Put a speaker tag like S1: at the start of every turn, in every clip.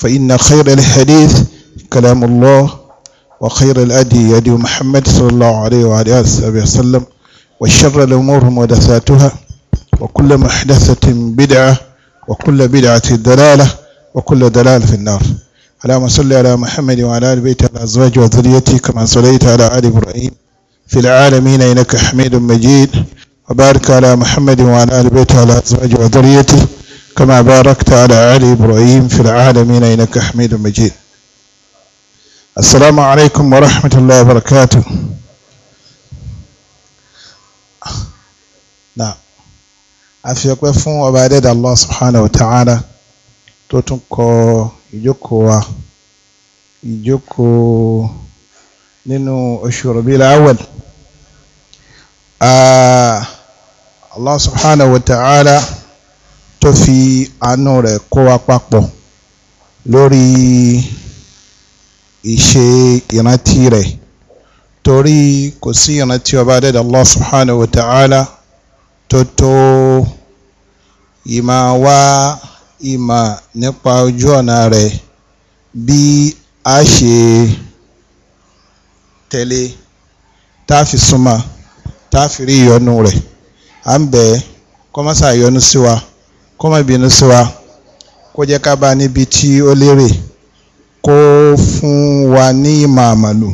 S1: فإن خير الحديث كلام الله وخير الأدي يدي محمد صلى الله عليه وعلى آله وسلم وشر الأمور محدثاتها وكل محدثة بدعة وكل بدعة دلالة وكل دلالة في النار اللهم صل على محمد وعلى آل بيته الأزواج وذريته كما صليت على آل إبراهيم في العالمين إنك حميد مجيد وبارك على محمد وعلى آل بيته الأزواج وذريته كما باركت على علي ابراهيم في العالمين انك حميد مجيد السلام عليكم ورحمه الله وبركاته نعم افيكو فون عباده الله سبحانه وتعالى توتنكو يجوكو يجوكو ننو اشهر الاول آه الله سبحانه وتعالى tó fi àánú rẹ̀ kó wa papọ̀ lórí ìṣe ìrántí rẹ̀ torí kò sí ìrántí ọba dẹ́dà Allah subhanahu wa ta'ala tó tó ìmá wá ìmá nípa ojú ọ̀nà rẹ̀ bí a ṣe tẹ̀lé tá a fi súnmọ́ tá rí ìyọ́nú rẹ̀ à ń bẹ̀ kọ́mọ́sà ìyọ́nú sí wa kó má bínú sí wa kó jẹ́ ká bá níbi tí ó lérè kó fún wa ní ìmọ̀ àmàlù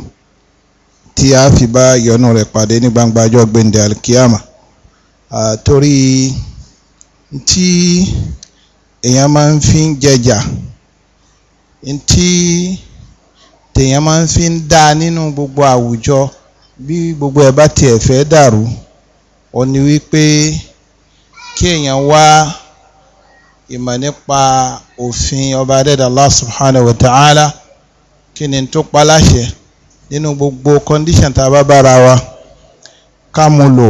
S1: tí a fi bá ìyọ́nú rẹ̀ pàdé ní gbangba ọjọ́ gbẹ̀ndẹ̀ alkiyama torí tí èèyàn máa ń fi jẹjà tí tèèyàn máa ń fi dá nínú gbogbo àwùjọ bí gbogbo ẹ̀ bá tiẹ̀ fẹ́ dàrú ó wípé kí èèyàn wá ìmọ̀ nípa òfin ọba adẹ́dà Allah subhanahu wa ta'ala kí ni tó pa láṣẹ nínú gbogbo condition tá a bá bára wa ká mú lò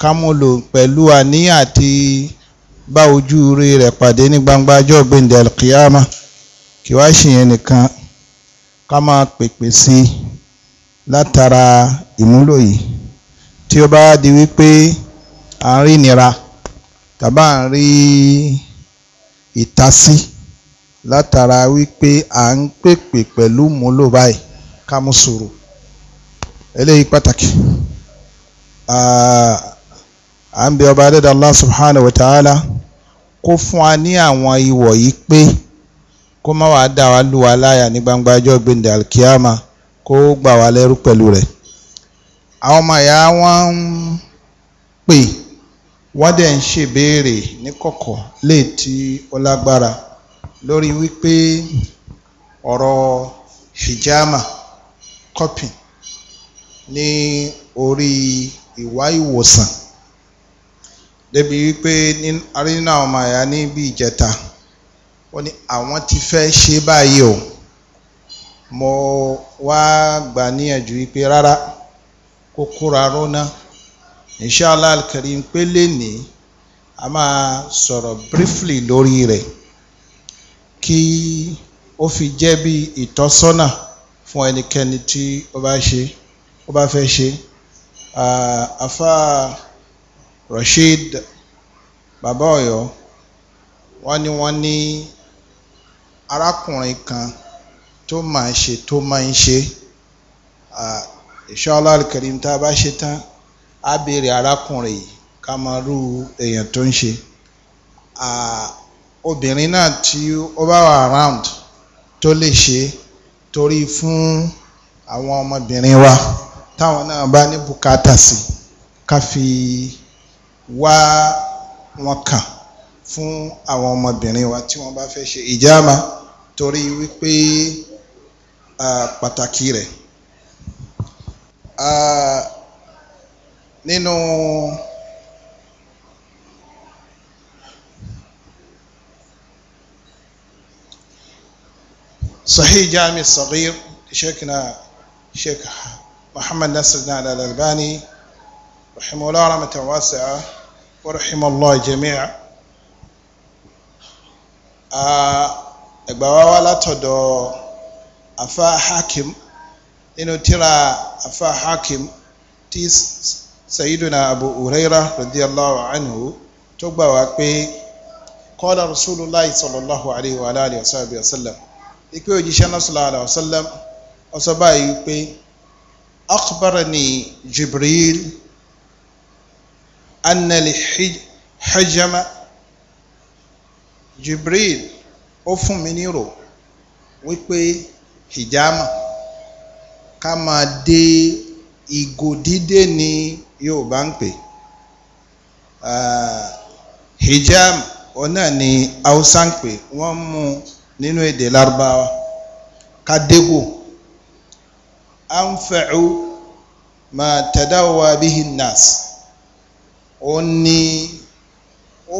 S1: ká mú lò pẹ̀lú àníyàn àti bá ojú rí rẹ̀ pàdé ní gbangba ọjọ́ gbèǹdé alkiyama kí wá ṣìyẹn nìkan ká máa pèpè sí i látara ìmúlò yìí tí ó bá di wípé à ń rí ìnira tàbá à ń rí ìtasí látara wípé à ń pèpè pẹ̀lú múlò báyìí ká mú sùúrù eléyìí pàtàkì à ń bẹ ọba adẹ́dàá subhanahu wa ta'ala kó fún wa ní àwọn ìwọ̀ yìí pé kó má wàá dà wá lù wá láyà ní gbangba ọjọ́ gbẹ̀ndẹ̀ alkiyama kó gbà wá lẹ́rú pẹ̀lú rẹ̀ àwọn ọmọ ìyá wọn ń pè wọ́n dẹ̀ ń ṣèbéèrè níkọ̀kọ̀ léè tí ó lágbára lórí wípé ọ̀rọ̀ hijama cupping ní orí ìwá ìwòsàn débi wípé arí nínú àwọn ọmọ àyà ní bí ìjẹta ó ní àwọn ti fẹ́ ṣe báyìí o mo wá gbà níyànjú wípé rárá kó kóra náà inshallah alkarim pé lénìí a máa sọ̀rọ̀ briefly lórí rẹ̀ kí ó fi jẹ́ bí ìtọ́sọ́nà fún ẹnikẹ́ni tí ó bá ṣe ó bá fẹ́ ṣe afa Rasheed bàbá Ọ̀yọ́ wọ́n ní wọ́n ní arákùnrin kan tó máa ṣe tó máa ń ṣe inshallah alkarim tá a bá ṣe tán á béèrè arákùnrin yìí ká mọ irú èèyàn tó ń ṣe obìnrin náà tí ó bá wà around tó lè ṣe torí fún àwọn ọmọbìnrin wa táwọn náà bá ní bùkátà sí ká fi wá wọn kàn fún àwọn ọmọbìnrin wa tí wọ́n bá fẹ́ ṣe ìjàmà torí wípé pàtàkì rẹ̀ nínú sahih jami saghir sheikhna sheikh muhammad nasir na al-albani rahimahullah rahmatan wasi'a wa rahimahullah jami'a ẹgbà wa wá látọ̀dọ̀ afa hakim nínú tírà afa hakim tí sayiduna abu huraira radiyallahu anhu tó gbà wá pé kọ́lá rasulillah sallallahu alayhi wa alayhi wa sallam ipe òjíṣẹ́ náà sallallahu alayhi wa sallam ó sọ báyìí pé akhbarani jibril annali hijama jibril ó fún mi ní rò wípé hijama ká máa dé ìgò dídé ni yóò bá ń pè hijab ọ̀nà ni hausa ń pè wọ́n mú nínú èdè lárúbáwá kádégò anfa'u ma tadawa bihi nas ó ní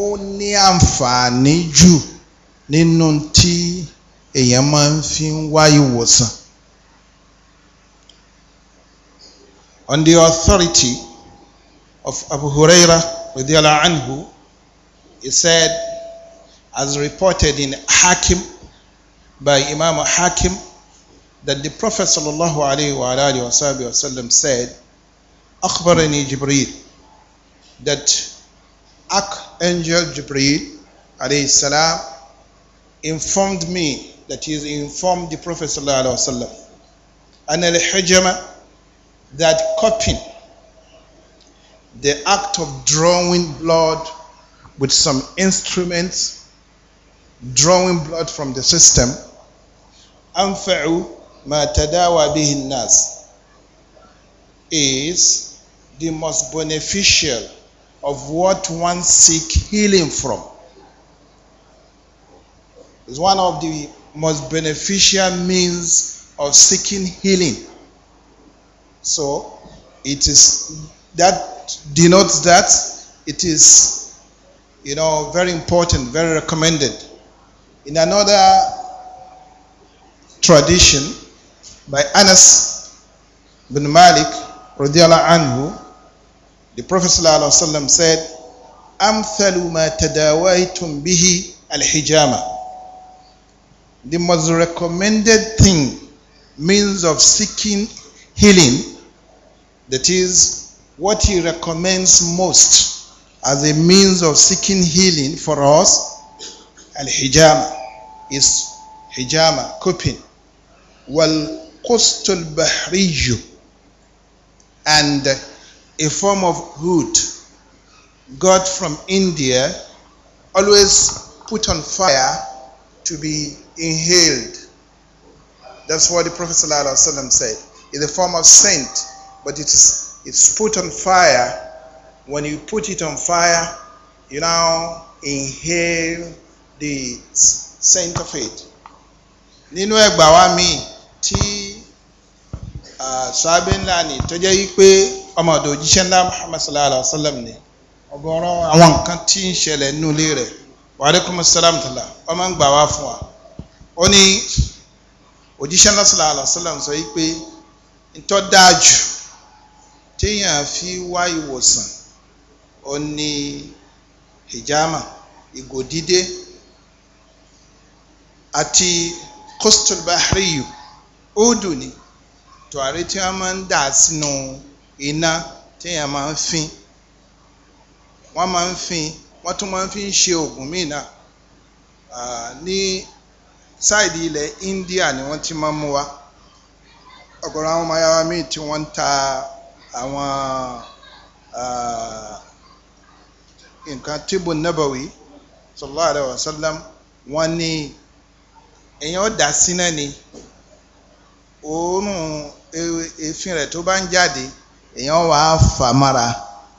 S1: ó ní àǹfààní jù nínú tí èèyàn máa ń fi wá ìwòsàn on the authority of Abu Huraira anhu, he said, as reported in Hakim by Imam Hakim, that the Prophet sallallahu alayhi wa sallam said, "Akhbarani Jibril," that Archangel Jibreel alayhi salam informed me that he informed the Prophet sallallahu alaihi wasallam, and al-hijama that cupping the act of drawing blood with some instruments, drawing blood from the system, أنفع ما تداوى به الناس is the most beneficial of what one seek healing from. It's one of the most beneficial means of seeking healing. So it is that denotes that it is, you know, very important, very recommended. In another tradition by Anas bin Malik, radiallahu anhu, the Prophet ﷺ said, أمثل ما bihi al-hijama." the most recommended thing means of seeking healing that is what he recommends most as a means of seeking healing for us, al-hijama, is hijama, coping. Wal-qust al-bahriyu, and a form of hood, got from India, always put on fire to be inhaled. That's what the Prophet ﷺ said. In a form of scent, but it is It's put on fire. When you put it on fire, you now inhale the scent of it. Nínú ẹgbà wa mi tí sábẹ́ ńlá ni tó jẹ́ wípé ọmọ ọ̀dọ̀ òjíṣẹ́ ńlá Muhammad sallallahu alayhi wa sallam ni ọ̀gọ̀rọ̀ àwọn nǹkan tí ń ṣẹlẹ̀ nínú ilé rẹ̀ wa alaykum salam tala ọmọ ń gbà wá fún wa. Ó ní òjíṣẹ́ ńlá sallallahu alayhi wa sallam sọ wípé ntọ́ dáa jù. téèyàn fi wá ìwòsàn ni hijama ìgò dídé àti kostul bahriyu óòdù ni tùràrí tí wọ́n máa ń dà sínú iná téèyàn máa ń fin wọ́n máa ń fin wọ́n tún máa ń fi ṣe oògùn míì náà ní sáìdì ilẹ̀ India ni wọ́n ti máa ń mú wa ọ̀gọ̀rọ̀ àwọn ọmọ ayáwa míì tí wọ́n ń ta àwọn nǹkan tíbù nabawi sallallahu alayhi wa sallam wọ́n ní èèyàn dà síná ni òórùn èéfín e-, e-, e-, rẹ̀ tó bá ń jáde èèyàn wà á fà mára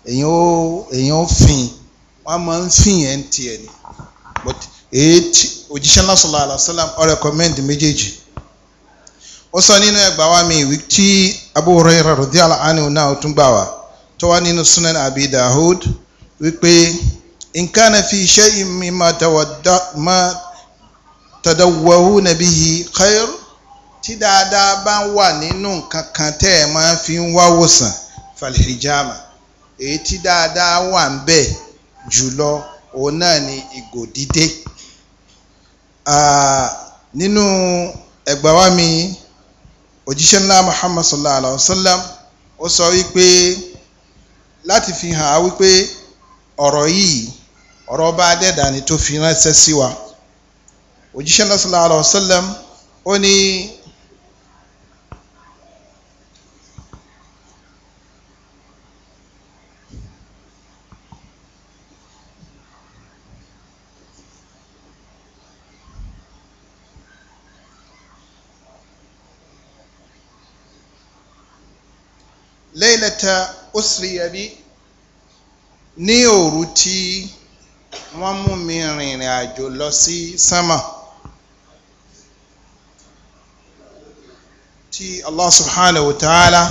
S1: èèyàn ó èèyàn ó fìn wọ́n máa ń fìn yẹn tiẹ̀ ni but èyí òjíṣẹ́ náà sallallahu alayhi wa sallam ó recommend méjèèjì ó sọ nínú ẹgbàá wa mi ìwí tí Abu Hurairah radiyallahu anhu náà tún gbà wá tó wá nínú Sunan Abi Dahud wípé in kana fi shay'in mimma tadawwahuna bihi khair tí dáadáa bá ń wà nínú nǹkan kan tẹ́ ẹ máa fi ń wá wòsàn falhijama èyí tí dáadáa wà ń bẹ̀ jùlọ òun náà ni ìgò dídé nínú ẹgbàá wa mi òjíṣẹ́ ńlá muhammad sallallahu alayhi wa sallam ó sọ wípé láti fi hàn á wípé ọ̀rọ̀ yìí ọ̀rọ̀ ọba adẹ́dà ni tó fi ránṣẹ́ sí wa òjíṣẹ́ ńlá sallallahu alayhi wa sallam ó ní. hatta usriya bi ní òru tí wọ́n mú mi rìnrìn àjò lọ sí sámà tí Allah subhanahu wa ta'ala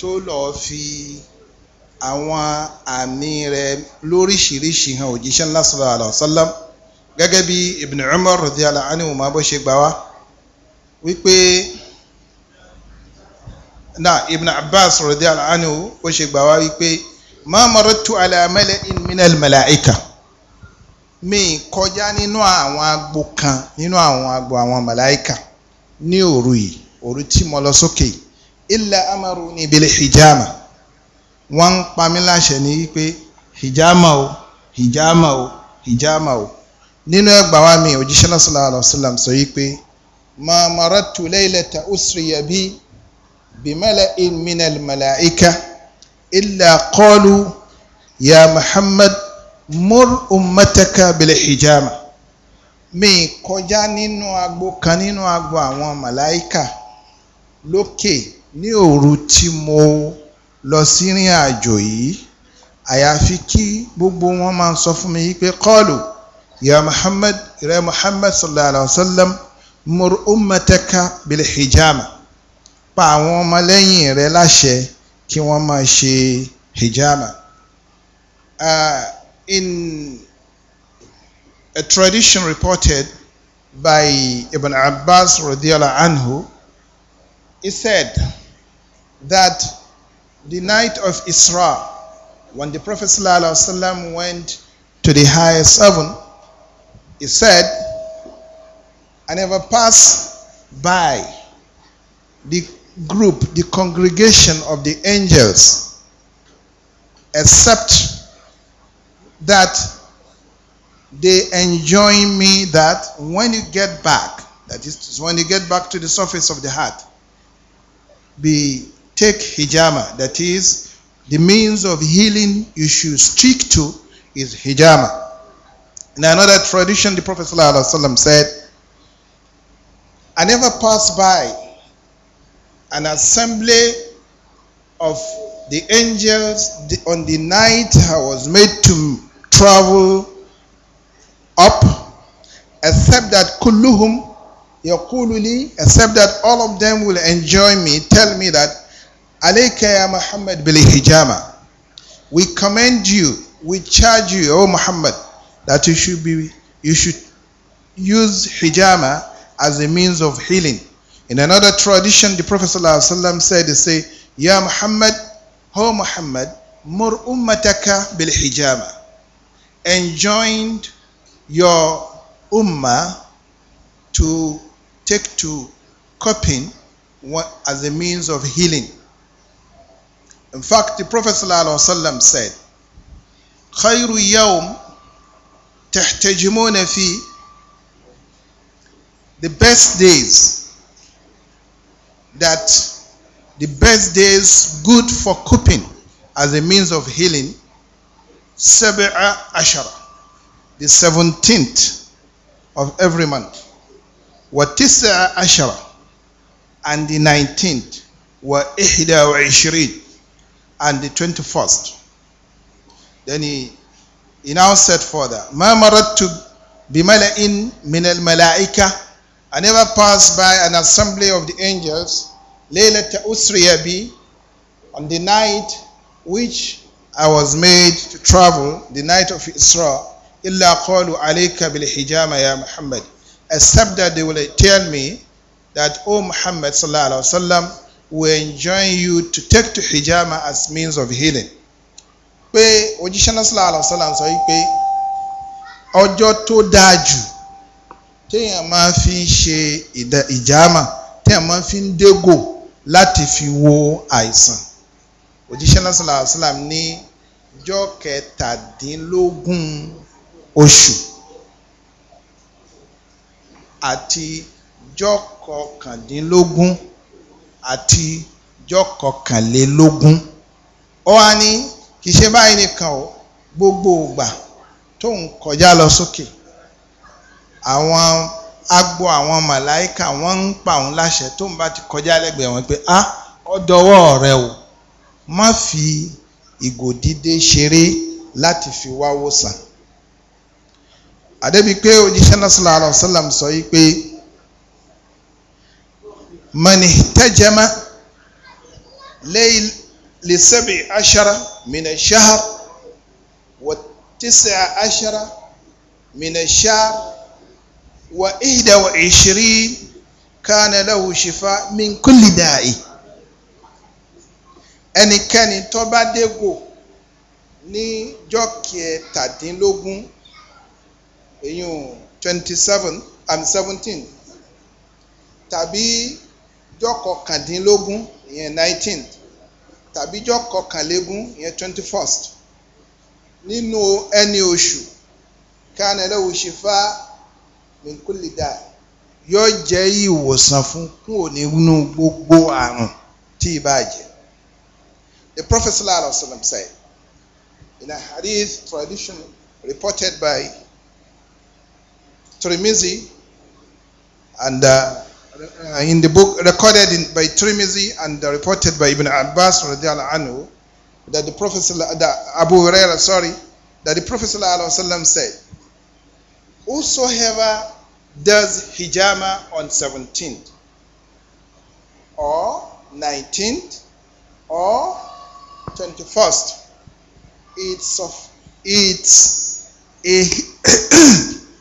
S1: tó lọ fi àwọn àmì rẹ̀ lóríṣiríṣi hàn òjíṣẹ́ ńlá sallallahu alaihi wasallam gẹ́gẹ́ bí Ibn Umar radiyallahu anhu ma ṣe gbà wá wípé na ibn abbas radiyallahu anhu ó ṣe gbà wá wípé ma maratu ala mala'in minal mala'ika mi kọjá nínú àwọn agbo kan nínú àwọn agbo àwọn mala'ika ní òru yìí òru tí mo lọ sókè illa amaruni bil hijama wọ́n ń pa mí láṣẹ ní wípé hijama o hijama o hijama o nínú ẹgbàá wa mi òjíṣẹ́ náà sallallahu alaihi wasallam sọ wípé ma maratu laylata usriya bi. بملأ من الملائكة إلا قالوا يا محمد مر أمتك بالحجامة mi kọjá nínú agbo kan nínú agbo àwọn màláìkà lókè ní òru tí mo lọ sí rìn àjò yìí àyàfi kí gbogbo wọn máa sọ fún mi pé kọlù ya muhammad rẹ muhammad sallallahu alaihi wa sallam mur ummataka bil hijama pa àwọn ọmọlẹ́yìn rẹ láṣẹ kí wọ́n máa ṣe hijama. Uh, in a tradition reported by Ibn Abbas Radiallahu anhu, he said that the night of Isra, when the Prophet sallallahu alaihi wasallam went to the highest heaven, he said, I never pass by the group, the congregation of the angels, except that they enjoin me that when you get back, that is when you get back to the surface of the heart, be take hijama, that is the means of healing you should stick to is hijama. In another tradition, the Prophet ﷺ said, I never pass by an assembly of the angels on the night I was made to travel up, except that kulluhum yakululi, except that all of them will enjoy me, tell me that alayka ya Muhammad bil hijama. We commend you, we charge you, O Muhammad, that you should be, you should use hijama as a means of healing. In another tradition, the Prophet ﷺ said, they say, Ya Muhammad, O Muhammad, mur ummataka bil hijama. Enjoined your ummah to take to coping as a means of healing. In fact, the Prophet ﷺ said, خير يوم تحتجمون فيه the best days that the best days, good for cooping, as a means of healing. Sab'a Ashara, the 17th of every month. Watisa Ashara, and the 19th. Wa Ihda wa and the 21st. Then he, he now said further, ما bimalain min al-malaika. I never passed by an assembly of the angels, Laylat Usriyabi, on the night which I was made to travel, the night of Isra, illa qalu alayka bil hijama ya Muhammad, except that they will tell me that, O Muhammad sallallahu alaihi wasallam, we enjoin you to take to hijama as means of healing. pé òjíṣẹ́ náà sallallahu alaihi wasallam sọ wípé ọjọ́ tó dáa jù téèyàn máa fi ṣe ìjàmà téèyàn máa fi ń dégò láti fi wo àìsàn òjíṣẹ́ náà sàlàyé sàlàm ní ọjọ́ kẹtàdínlógún oṣù àti ọjọ́ kọkàndínlógún àti ọjọ́ kọkànlélógún ó wá ní kì í ṣe báyìí nìkan o gbogbo ògbà tóun kọjá lọ sókè. So àwọn agbo àwọn màláìka wọ́n ń pa òun láṣẹ tó ń bá ti kọjá lẹ́gbẹ̀ẹ́ wọn pé a ọdọwọ́ rẹ o má fi ìgò dídé ṣeré láti fi wáwó sàn. àdébí pé òjíṣẹ́ náà sallallahu alaihi wasallam sọ yìí pé mani tẹ́jẹ́má lè sẹ́bi aṣara mina ṣahar wà tísẹ̀ aṣara mina ṣahar. وإحدى وعشرين كان له شفاء من كل داء ẹnikẹ́ni tó bá dégò níjọ́ kẹtàdínlógún èyàn twenty seven and seventeen tàbí jọ́ kọkàndínlógún ìyẹn nineteen tàbí jọ́ kọkànlélógún ìyẹn twenty first nínú ẹni oṣù kánẹlẹ́wò ṣe fa min kulli da yóò jẹ́ ìwòsàn fún kún òní nínú gbogbo àrùn tí ibà jẹ́. The Prophet sallallahu alaihi wasallam said in a hadith tradition reported by Tirmizi and uh, in the book recorded in, by Tirmizi and uh, reported by Ibn Abbas radiallahu anhu that the Prophet that Abu Huraira sorry that the Prophet sallallahu alaihi wasallam said whosoever does hijama on 17th or 19th or 21st it's of it's a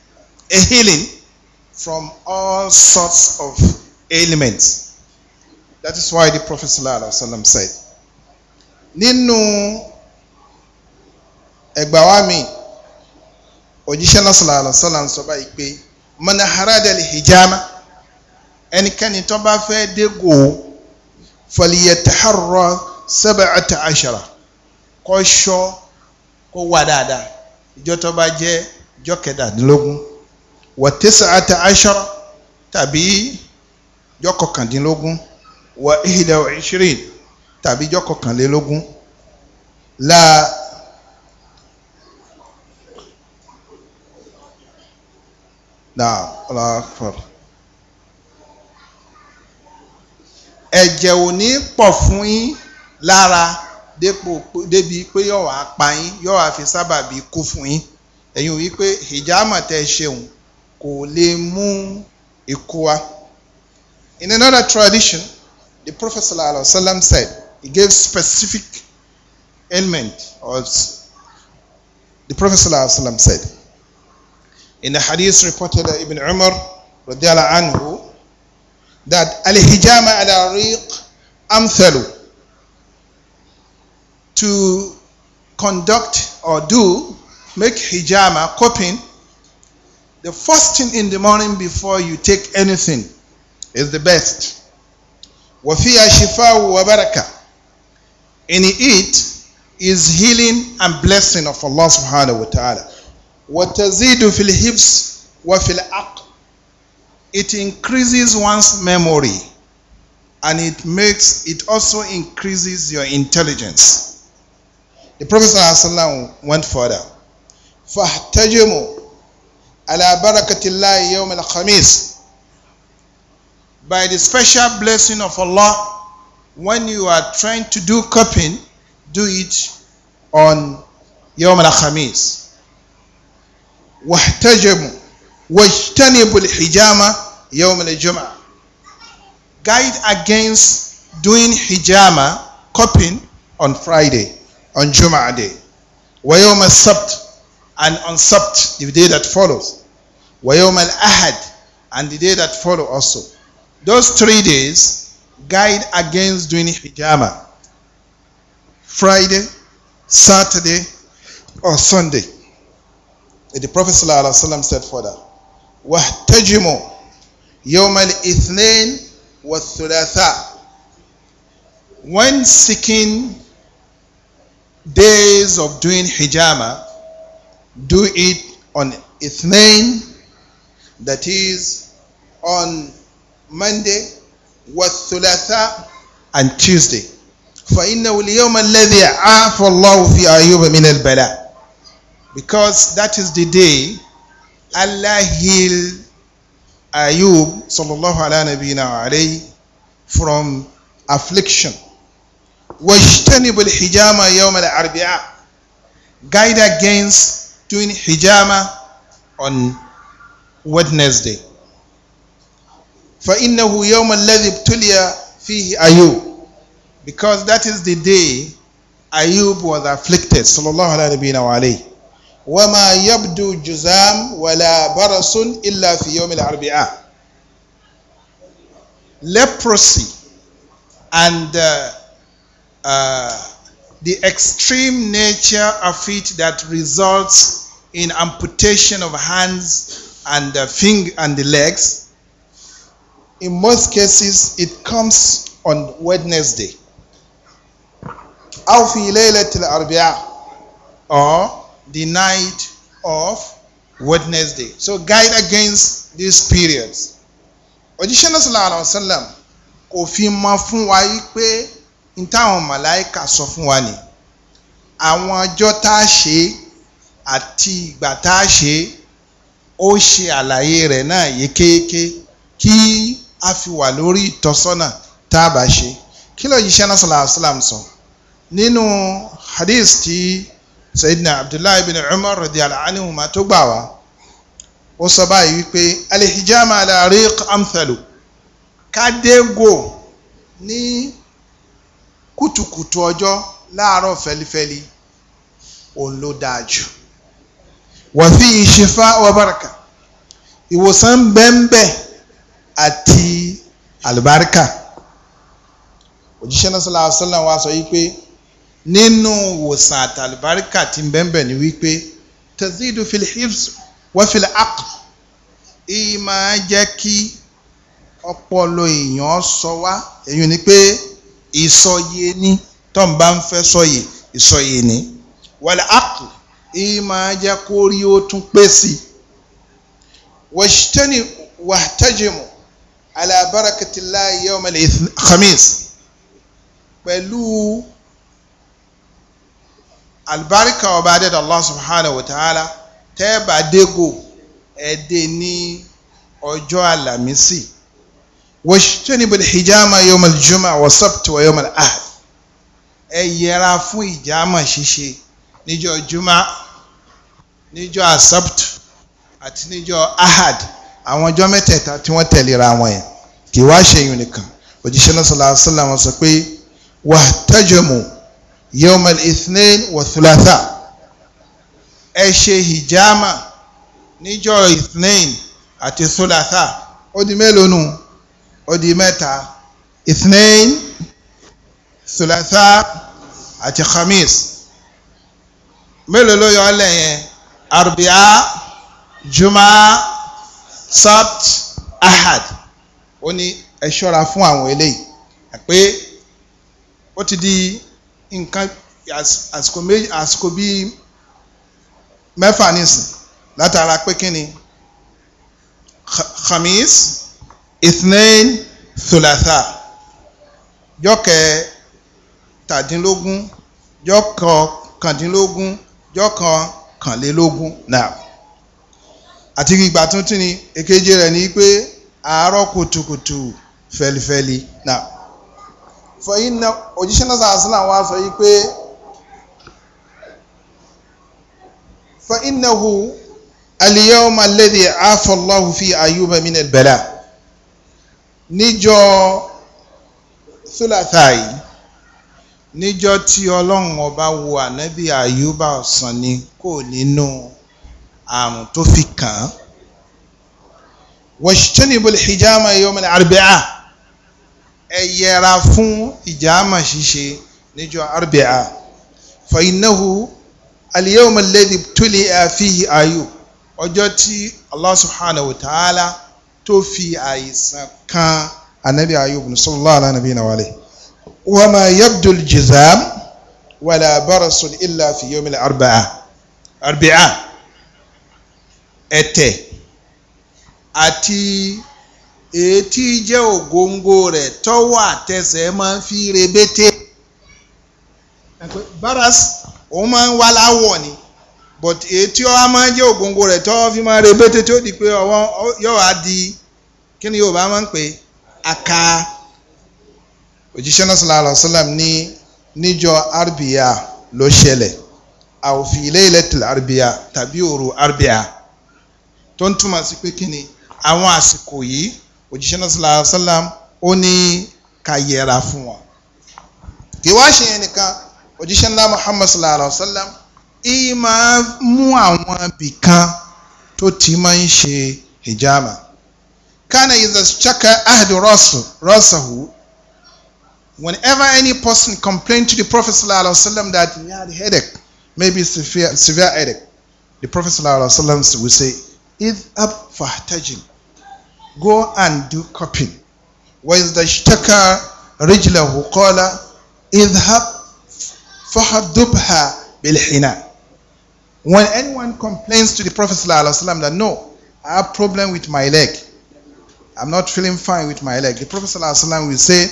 S1: a healing from all sorts of ailments that is why the prophet sallallahu alaihi wasallam said "Ninu ẹgbàá òjíṣẹ́ náà sallallahu alaihi wasallam sọ báyìí pé man harada al-hijama ẹnikẹ́ni tó bá fẹ́ dégò falyataharra sab'ata ashara kó ṣọ́ kó wà dáadáa ìjọ tó bá jẹ́ ìjọ kẹtàdínlógún wa tis'ata ashara tàbí ìjọ kọkàndínlógún wa ihda wa tàbí ìjọ kọkànlélógún la. náà ọlọ́kùnrin. ẹ̀jẹ̀ ò ní pọ̀ fún yín lára débi pé yóò wá pa yín yóò wá fi sábàbí kú fún yín ẹ̀yin ò wí pé hijama tẹ́ ẹ ṣeun kò lè mú ikú wá. In another tradition, the Prophet sallallahu alaihi wasallam said he gave specific ailment the Prophet sallallahu alaihi wasallam said in the hadith reported by Ibn Umar radiallahu anhu that al-hijama al-ariq amthalu to conduct or do make hijama coping the first thing in the morning before you take anything is the best wafiya shifa'u wa baraka in it is healing and blessing of Allah subhanahu wa ta'ala وتزيد في الحفظ وفي العقل it increases one's memory and it makes it also increases your intelligence the prophet sallallahu went further فاحتجموا على بركة الله يوم الخميس by the special blessing of Allah when you are trying to do cupping do it on يوم الخميس wahtajamu wajtanibul الحجامة يوم الجمعة. Guide against doing حجامة copying on Friday, on Jum'ah day. ويوم السبت and on sabt, the day that follows. ويوم الأحد and the day that follow also. Those three days guide against doing حجامة. Friday, Saturday, or Sunday. The Prophet ﷺ said further, وَاحْتَجِمُوا يَوْمَ الْإِثْنَيْنِ thulatha When seeking days of doing hijama, do it on Ithnain, that is on Monday, wa al-thulatha, and Tuesday. فإنه اليوم الذي عاف الله في أيوب من البلاء because that is the day Allah healed Ayub sallallahu alayhi wa alayhi from affliction. واجتنبوا الحجامة يوم الأربعاء guide against doing hijama on Wednesday فإنه يوم الذي ابتلي فيه أيوب because that is the day Ayub was afflicted صلى الله عليه وآله wama yabdu juzam wala barasun illa fi yawm al-arbi'a leprosy and uh, uh, the extreme nature of it that results in amputation of hands and the uh, finger and the legs in most cases it comes on wednesday أو في ليلة الأربعاء or the night of Wednesday. So guide against these periods. Òjíṣẹ́ náà sallallahu alaihi kò fi mọ fún wa yí pé n táwọn màláìka sọ fún wa ni àwọn ọjọ́ tá a ṣe àti ìgbà tá a ṣe ó ṣe àlàyé rẹ̀ náà yékéyéké kí a fi wà lórí ìtọ́sọ́nà tá a bá ṣe kí ló Òjíṣẹ́ náà sallallahu alaihi sọ nínú hadith tí sayidina abdullahi bin umar radiyallahu anhu ma tó gbà wá ó sọ báyìí wípé alihijama ala riq amthalu kádégò ní kùtùkùtù ọjọ́ láàárọ̀ fẹlifẹli òun ló dáa jù wa fi shifa wa baraka ìwòsàn bẹ́ẹ̀nbẹ́ àti àlùbáríkà òjíṣẹ́ náà sallallahu alaihi wasallam wa sọ yìí nínú wòsàn àtàlùbáríkà tí ń bẹ́ẹ̀ ni wípé tazidu fil hifz wa fil aql ìyí máa jẹ́ kí ọpọlọ èèyàn sọ wá èyí ni pé ìsọyé ní tọ́n bá ń fẹ́ sọyè ìsọyè ní wal aql ìyí máa jẹ́ kó rí ó tún pé sí wàṣítẹ́ni wàtájìmù ala barakatillahi khamis pẹ̀lú alibarika ọba adẹ́dà allah subhanahu wa ta'ala tẹ́ẹ̀bà dégò ẹ̀dẹ́ ní ọjọ́ alamisi wọ́ṣítọ́ni bẹ̀rẹ̀ hijama yomal juma wa sabti wa yomal ahad ẹ yẹra fún ìjàmà ṣíṣe níjọ́ juma níjọ́ asabtu àti níjọ́ ahad àwọn ọjọ́ mẹ́tẹ̀ẹ̀ta tí wọ́n tẹ̀lera wọn yẹn kì í wá ṣe yun nìkan òjíṣẹ́ náà sallallahu alaihi sọ pé wàá tẹ́jọ́ mu. يوم الاثنين wa thulatha ẹ ṣe hijama níjọ́ ithnain àti thulatha ó di mélòó nù ó di mẹ́ta ithnain thulatha àti khamis mélòó ló yọ ọ́ lẹ́yìn arbia juma sabt ahad ó ní ẹ ṣọ́ra fún àwọn eléyìí pé ó ti di nǹkan àsìkò méjì àsìkò bíi mẹ́fà nísìn látara pé kí ni khamis ithnain thulatha jọkẹ tàdínlógún jọkọ kàndínlógún jọkọ kànlélógún náà àti ìgbà tuntun ni èkejì rẹ̀ ni pé àárọ̀ kùtùkùtù fẹlifẹli náà fọyín náà òjíṣẹ́ náà sàásìlà wọn a sọ yìí pé fa'innahu aliyawma alladhi afa Allahu fi ayyuba min albala níjọ́ sulathai níjọ́ tí Ọlọ́run ọba wo ànábì àyùbá ọ̀sán ni kò nínú àrùn tó fi kàn án wàṣítẹ́nìbọ̀lì hijama yawma al-arba'a ẹ yẹra fún ìjàmà ṣíṣe níjọ́ arbia fa innahu al-yawma alladhi ibtuli'a fihi Ayub ọjọ́ tí Allah subhanahu wa ta'ala tó fi àìsàn kan anabi Ayub sallallahu ala nabiyina wa alayhi wa ma yabdu al-jizam wala barasun illa fi yawm al-arbia arbia àti ètí jẹ́ ògóńgó rẹ̀ tọ́wọ́ àtẹsẹ̀ máa ń fi rebété baras òun máa ń wá láwọ̀ ni but ètí ọ́ máa ń jẹ́ ògóńgó rẹ̀ tọ́wọ́ fi máa rebété tí ó di pé ọwọ́ yóò wá di kí ni Yorùbá máa ń pè aka òjíṣẹ́ náà sallallahu alaihi wasallam ní níjọ́ arbiya ló ṣẹlẹ̀ àwòfin ilé ilẹ̀ tìlẹ̀ tàbí òru arbiya tó ń túmọ̀ sí pé kí ni àwọn àsìkò yìí òjíṣẹ́ náà sallallahu alaihi wasallam ó ní ká yẹra fún wọn. kì í wá ṣe yẹn nìkan òjíṣẹ́ ńlá Muhammad sallallahu alaihi wasallam ìyí máa mú àwọn ibìkan tó ti máa ń ṣe hijama. kana idha shaka ahdu rasahu whenever any person complained to the Prophet sallallahu alaihi that he had a headache maybe severe severe headache the Prophet sallallahu alaihi will say idh ab fahtajim go and do copying. وإذا اشتكى رجله قال اذهب فحدبها بالحناء. When anyone complains to the Prophet ﷺ that no, I have problem with my leg, I'm not feeling fine with my leg, the Prophet ﷺ will say,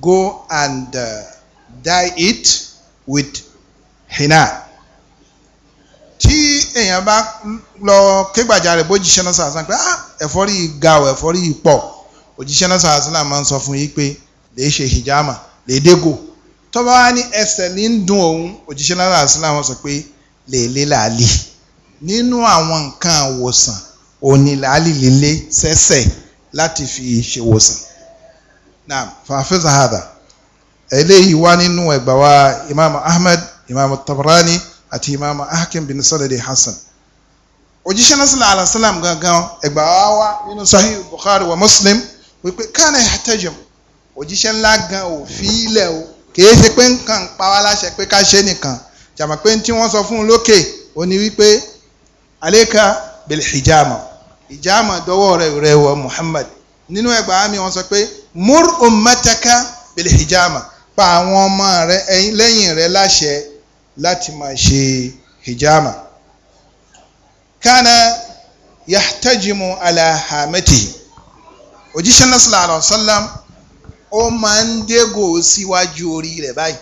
S1: go and uh, dye it with hina. Tí lọ kégbàjà rẹ̀ bójíṣẹ́ náà sàásán pé ah, ẹ̀fọ́rí ga ọ̀ ẹ̀fọ́rí pọ̀ òjíṣẹ́ náà sàásán náà máa ń sọ fún yín pé lè ṣe hijama lè dégò tọ́ba wá ní ẹsẹ̀ ní ń dun òun òjíṣẹ́ náà sàásán náà wọ́n sọ pé lè lé làálì nínú àwọn nǹkan àwòsàn òní làálì lílé sẹ́sẹ̀ láti fi ṣèwòsàn naam fàáfíìsà hàdà eléyìí wá nínú ẹgbàá wa imam ahmed imam tabarani àti imam ahkim bin sanadi hasan òjíṣẹ́ náà sallallahu alaihi wasallam gangan ẹ̀gbà wa wá nínú sahih bukhari wa muslim wípé kánà ìhàtẹ́jọm òjíṣẹ́ ńlá gan ò fi ilẹ̀ o kìí ṣe pé nǹkan pa wá láṣẹ pé ká ṣe nìkan jàmọ̀ pé tí wọ́n sọ fún un lókè ó ní wípé aleka bil hijama hijama dọwọ́ rẹ̀ rẹ̀ wọ muhammad nínú ẹgbàá mi wọ́n sọ pé mur ummataka bil hijama pa àwọn ọmọ rẹ lẹ́yìn rẹ láṣẹ láti máa ṣe hijama kana yahtajimu ala hamatihi òjíṣẹ́ náà sallallahu alaihi wasallam ó máa ń dégò síwájú orí rẹ̀ báyìí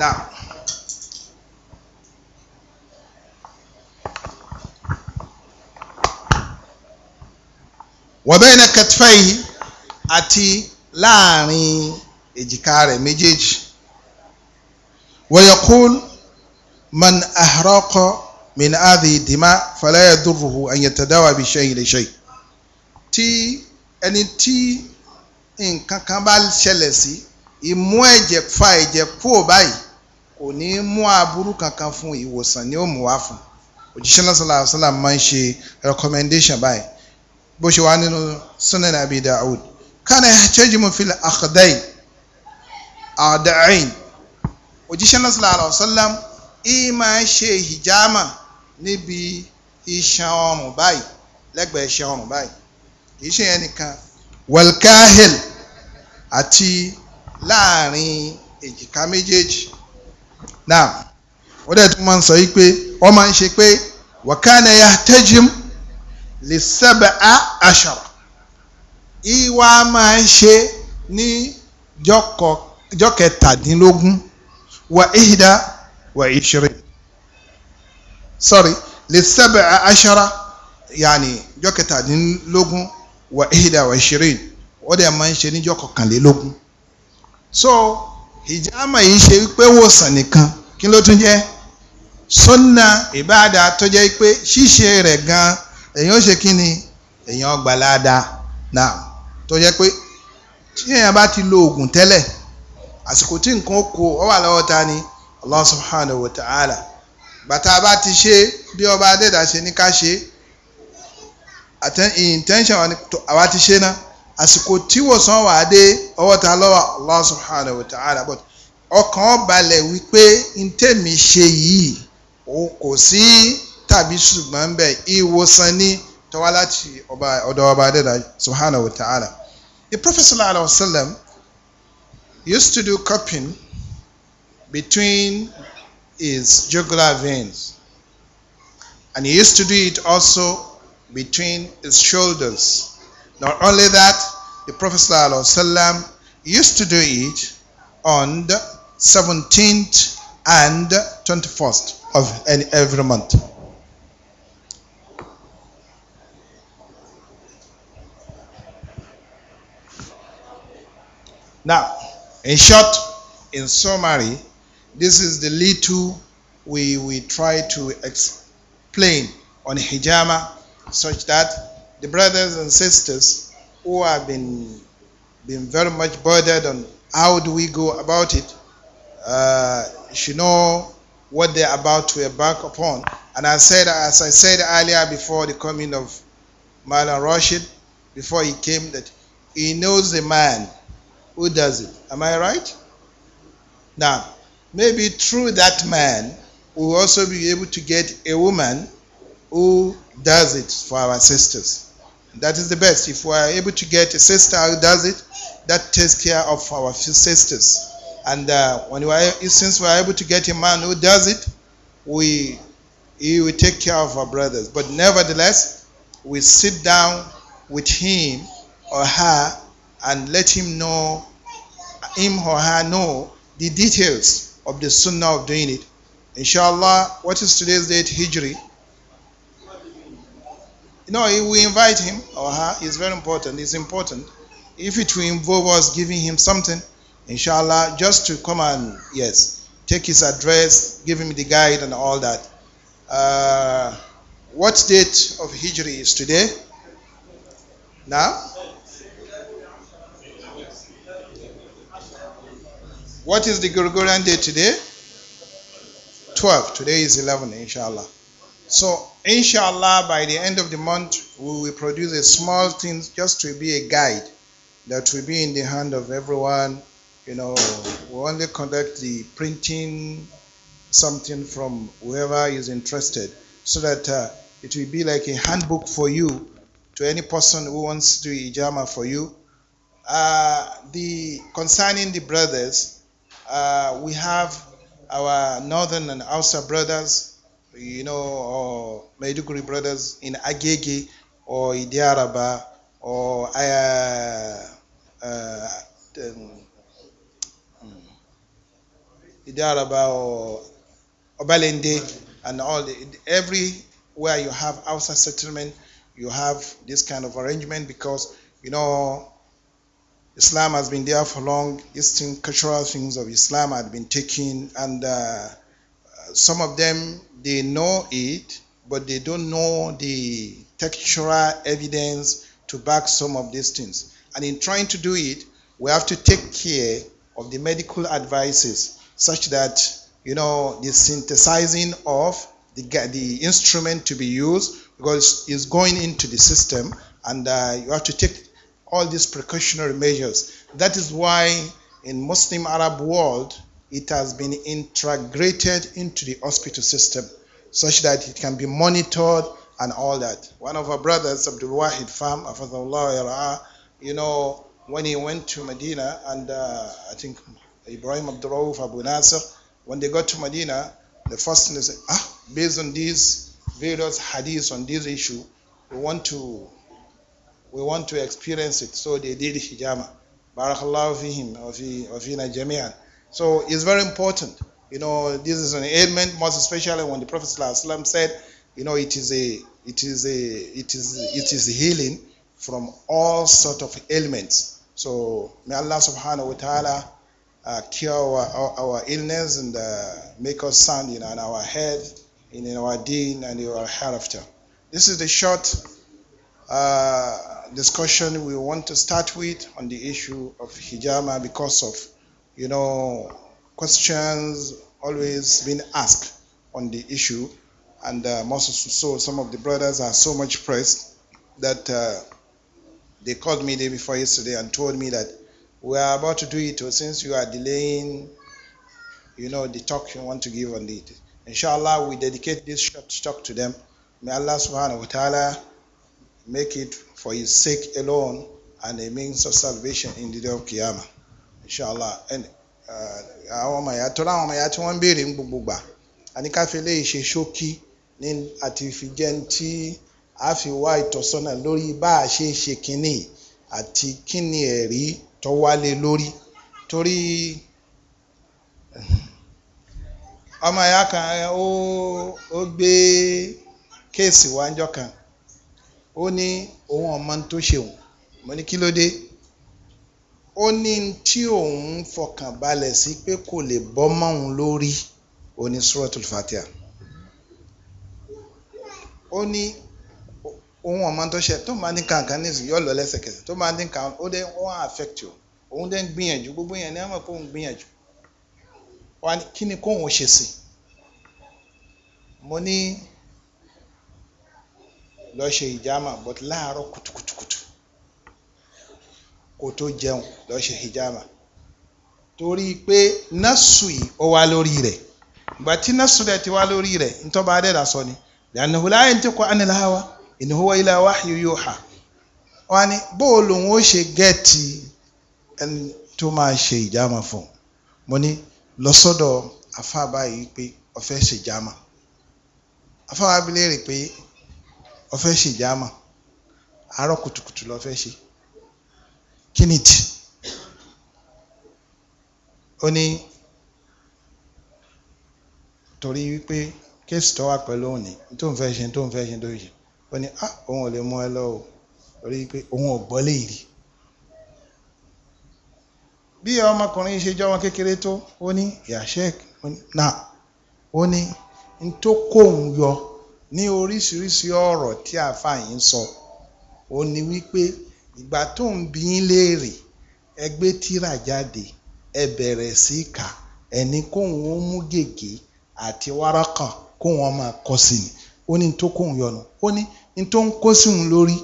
S1: now wa bayna katfayhi àti láàrin èjìká rẹ̀ méjèèjì wa yaqul man ahraqa min adhi dima fala yadurruhu an yatadawa bi shay'in li shay tí ẹni tí nǹkan kan bá ṣẹlẹ̀ sí ìmú ẹ̀jẹ̀ fa ẹ̀jẹ̀ kú ò báyìí kò ní mú aburú kankan fún ìwòsàn ni ó mú wá fún òjíṣẹ́ náà sallallahu alaihi wasallam máa ń ṣe recommendation báyìí bó ṣe wá nínú sunan abi da'ud kana yahtajimu fil akhdain adain òjíṣẹ́ náà sallallahu alaihi wasallam ìmọ̀ ṣe hijama níbi iṣan ọrùn báyìí lẹ́gbẹ̀ẹ́ iṣan ọrùn báyìí kìí ṣe yẹn nìkan welkahel àti láàrin èjìká méjèèjì now ó dẹ̀ tún máa ń sọ yìí pé wọ́n máa ń ṣe pé wakana yahtejim lè sẹ́bẹ̀ á aṣọ̀rọ̀ ìwà máa ń ṣe ní jọ́kẹtàdínlógún wa ihda wa ishirin sorry lè sẹ́bẹ̀ aṣara yaani jọ́ kẹtàdínlógún wà ihida wà shirin ó dẹ̀ máa ń ṣe níjọ́ kọkànlélógún so hijama yìí ṣe pé wòsàn nìkan kí ló tún jẹ́ sunna ìbáàdà tó jẹ́ pé ṣíṣe rẹ̀ gan èyàn ó ṣe kí ni èyàn gbà ládàá náà tó jẹ́ pé tí èyàn bá ti lo oògùn tẹ́lẹ̀ àsìkò tí nǹkan ó ọ wà lọ́wọ́ ta ni Allah subhanahu wa ta'ala bàtà bá ti ṣe bí ọba adẹ́dà ṣe ní ká ṣe intention àwa ti ṣe ná àsìkò tíwòsàn wà á dé ọwọ́ ta lọ́wọ́ Allah subhanahu wa ta'ala but ọkàn balẹ̀ wípé ntẹ̀mí ṣe yìí o kò sí tàbí ṣùgbọ́n ń bẹ̀ ìwòsàn ní tọ́wá láti ọ̀dọ̀ ọba adẹ́dà subhanahu wa ta'ala. The Prophet sallallahu alayhi wa sallam used to do cupping between Is jugular veins. And he used to do it also between his shoulders. Not only that, the Prophet ﷺ used to do it on the 17th and 21st of every month. Now, in short, in summary, This is the little we, we try to explain on hijama such that the brothers and sisters who have been, been very much bothered on how do we go about it uh, should know what they're about to embark upon. And I said, as I said earlier before the coming of Malan Rashid, before he came, that he knows the man who does it. Am I right? Now, Maybe through that man, we also be able to get a woman who does it for our sisters. That is the best. If we are able to get a sister who does it, that takes care of our sisters. And uh, when we are, since we are able to get a man who does it, we he will take care of our brothers. But nevertheless, we sit down with him or her and let him know, him or her know the details of the sunnah of doing it. Inshallah, what is today's date? Hijri. No, know, we invite him or her. It's very important. It's important. If it will involve us giving him something, inshallah, just to come and, yes, take his address, give him the guide and all that. Uh, what date of Hijri is today? Now? What is the Gregorian day today? 12. Today is 11, inshallah. So, inshallah, by the end of the month, we will produce a small thing just to be a guide that will be in the hand of everyone. You know, we only conduct the printing something from whoever is interested so that uh, it will be like a handbook for you to any person who wants to do ijama for you. Uh, the concerning the brothers, Uh, we have our northern and Hausa brothers, you know, or Maiduguri brothers in Agege or Idiaraba or uh, uh, um, Idiaraba or Obalende and all. The, everywhere you have Hausa settlement, you have this kind of arrangement because, you know, Islam has been there for long. Eastern cultural things of Islam had been taken, and uh, some of them they know it, but they don't know the textual evidence to back some of these things. And in trying to do it, we have to take care of the medical advices such that you know the synthesizing of the the instrument to be used because it's going into the system, and uh, you have to take all these precautionary measures. That is why in Muslim Arab world, it has been integrated into the hospital system such that it can be monitored and all that. One of our brothers, Abdul Wahid Fam, you know, when he went to Medina, and uh, I think Ibrahim Abdul Rauf Abu Nasser, when they got to Medina, the first thing they said, ah, based on these various hadiths on this issue, we want to we want to experience it. So they did hijama. Barakallahu fihim wa fina jami'an. So it's very important. You know, this is an ailment, most especially when the Prophet ﷺ said, you know, it is a, it is a, it is, it is healing from all sort of ailments. So may Allah Subhanahu wa Taala uh, cure our, our, our, illness and uh, make us sound you know, in our head, in, in our deen, and in our hereafter. This is the short. Uh, discussion we want to start with on the issue of hijama because of, you know, questions always being asked on the issue. And uh, most so, some of the brothers are so much pressed that uh, they called me day before yesterday and told me that we are about to do it, since you are delaying, you know, the talk you want to give on it. Inshallah, we dedicate this short talk to them. May Allah subhanahu wa ta'ala make it for his sake alone and a means of salvation in the day of Qiyamah. Inshallah. And uh, àwọn ọmọ ìyá tó láwọn ọmọ ìyá tí wọ́n ń béèrè ń gbogbo gbà àníkàfẹ́ lè ṣe ṣókí ní àti ìfijẹ́ tí a fi wá ìtọ́sọ́nà lórí bá a ṣe ṣe kínní àti kínní ẹ̀rí tó wálé lórí torí ọmọ ìyá kan ó gbé kéèsì wájọ́ kan ó ní òun ọmọ tó ṣe òun mo ní kí ló dé ó ní tí òun fọkàn balẹ̀ sí pé kò lè bọ́ mọ́ òun lórí ó ní suratul fatiha ó ní òun ọmọ tó ṣe tó máa ní kankan ní yọ lọ lẹ́sẹ̀kẹsẹ̀ tó máa ní kankan ó dé wọn affect you òun dé ń gbìyànjú gbogbo yẹn ní àmọ́ pé òun gbìyànjú wá ní kí ni kóun ṣe sí mo ní lọ hijama but láàárọ̀ kùtùkùtùkùtù kó tó jẹun lọ ṣe hijama torí pé násù yìí ó wá lórí rẹ̀ ìgbà tí násù rẹ̀ ti wá lórí rẹ̀ ntọ́ba adẹ́dà sọ ni lẹ́nu la yantiqu anil hawa in huwa illa wahyu yuha wọn ni bóòlù ń ó ṣe gẹ́ẹ̀tì ẹni tó máa ṣe ìjàmà fún un mo ní lọ sọ́dọ̀ afáàbá pé ọ̀fẹ́ ṣe ìjàmà afáàbá pé ó fẹ́ ṣe ìjàmà àárọ̀ kùtùkùtù ló fẹ́ ṣe kí ni tì ó ní torí wípé kéèsì tó wà pẹ̀lú òun ni tó ń fẹ́ ṣe tó ń fẹ́ ṣe tó ṣe ó ní ah òun ò lè mú ẹ lọ o torí pé òun ò gbọ́ lè rí bí ọmọkùnrin ṣe jọ wọn kékeré tó ó ní yasek na ó ní n tó kóun yọ ní oríṣiríṣi ọ̀rọ̀ tí àáfàá sọ ó ní wípé ìgbà tó ń bi yín léèrè ẹ gbé jáde ẹ bẹ̀rẹ̀ sí kà ẹni kóun ó mú gègé àti wárákà kóun ó kọ sí ni ó ní tó kóun yọnu ó ní ní tó ń kó sí òun lórí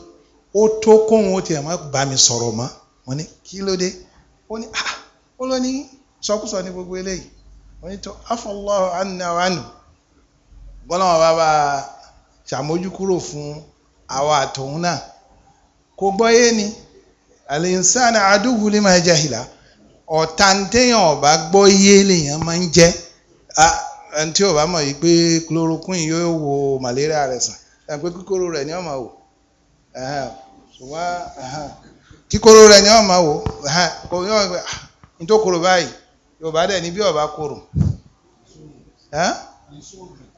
S1: ó tó ó tiẹ̀ má bá mi sọ̀rọ̀ mọ́ mo ní kí ló dé ó ní ah, gbogbo eléyìí mo ní tó bọ́lọ́wọ́n bá bá ṣàmójúkúrò fún àwa àtòun náà kò gbọ́yé ni àlẹ́nsán àdúgbò lè máa jẹ́ ìlà ọ̀tá téèyàn gbọ́ gbọ́yé lèèyàn máa ń jẹ́ ẹni tí ọ̀bá mọ̀ yìí pé chloroquine yóò wo malaria rẹ̀ sàn ẹ̀ pé kíkorò rẹ̀ ni máa wò kíkorò rẹ̀ ni máa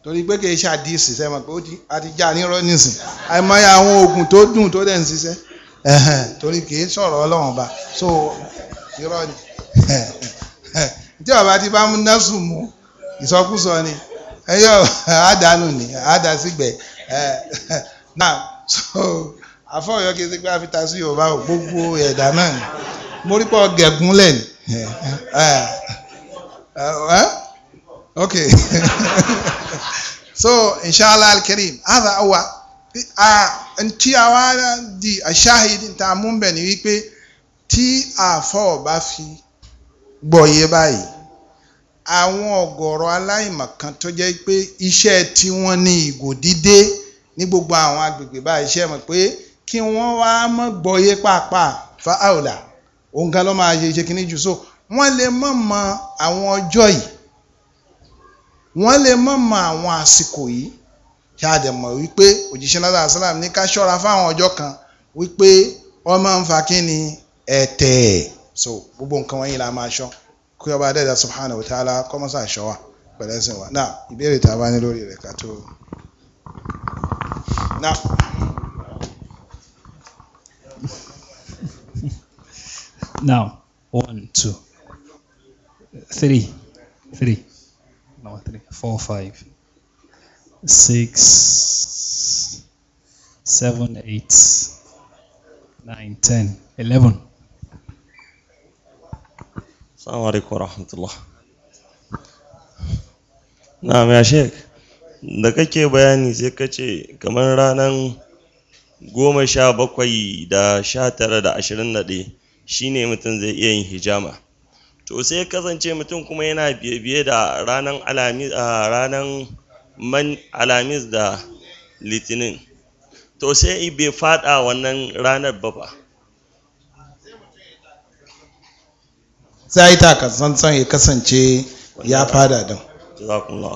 S1: torí pé kì í ṣe àdìsí sẹ́wọ̀n pé a ti já nírọ́ nísìn àìmọye àwọn oògùn tó dùn tó dẹ̀ ń ṣiṣẹ́ torí kì í sọ̀rọ̀ ọlọ́run ba so irọ́ ni tí ọba ti bá mú násù mú ìsọkúsọ ni ẹyọ àdánù ni àdásígbẹ now so àfọwọ́yọ́ kì í ṣe pé a fi ta sí yorùbá o gbogbo ẹ̀dá náà ni mo rí pọ̀ gẹ̀gúnlẹ̀ ni. Okay. so inshallah al-karim awa huwa ntí awa di ashahid nta múmbẹ̀ ni wípé tí àfọ́ ọba fi gbọ̀yé báyìí àwọn ọ̀gọ̀rọ̀ aláìmọ̀kan tó jẹ́ pé iṣẹ́ tí wọ́n ní ìgò dídé ní gbogbo àwọn agbègbè báyìí iṣẹ́ mọ̀ pé kí wọ́n wá mọ́ gbọ̀yé pàápàá fa àwòlà òun gan ló máa ṣe ṣe kíní jù so wọ́n lè mọ̀ mọ́ àwọn ọjọ́ yìí wọ́n lè mọ̀ mọ àwọn àsìkò yìí kí a dẹ̀ mọ̀ wípé òjíṣẹ́ náà sàlám ní ká ṣọ́ra fáwọn ọjọ́ kan wípé wọ́n máa ń fa kí ni ẹ̀tẹ̀ so gbogbo nǹkan wọ̀nyí la máa ṣọ́ kí ọba adẹ́dà subhanahu wa ta'ala kọ́mọ́sá ṣọ́ wa pẹ̀lẹ́ sìn wa náà ìbéèrè tá a bá ní lórí rẹ̀ ká tó. now one two three three. three, four, five, six, seven, eight, nine, ten, eleven. السلام عليكم ورحمة الله. نعم يا شيخ. da kake bayani sai ka ce kamar ranar goma sha bakwai da sha tara da ashirin da ɗaya shine mutum zai iya yin hijama to sai kasance mutum kuma yana biye-biye da ranan alamis ranan man alamis da litinin to sai bai fada wannan ranar ba ba sai yi takasansan ya kasance ya fada din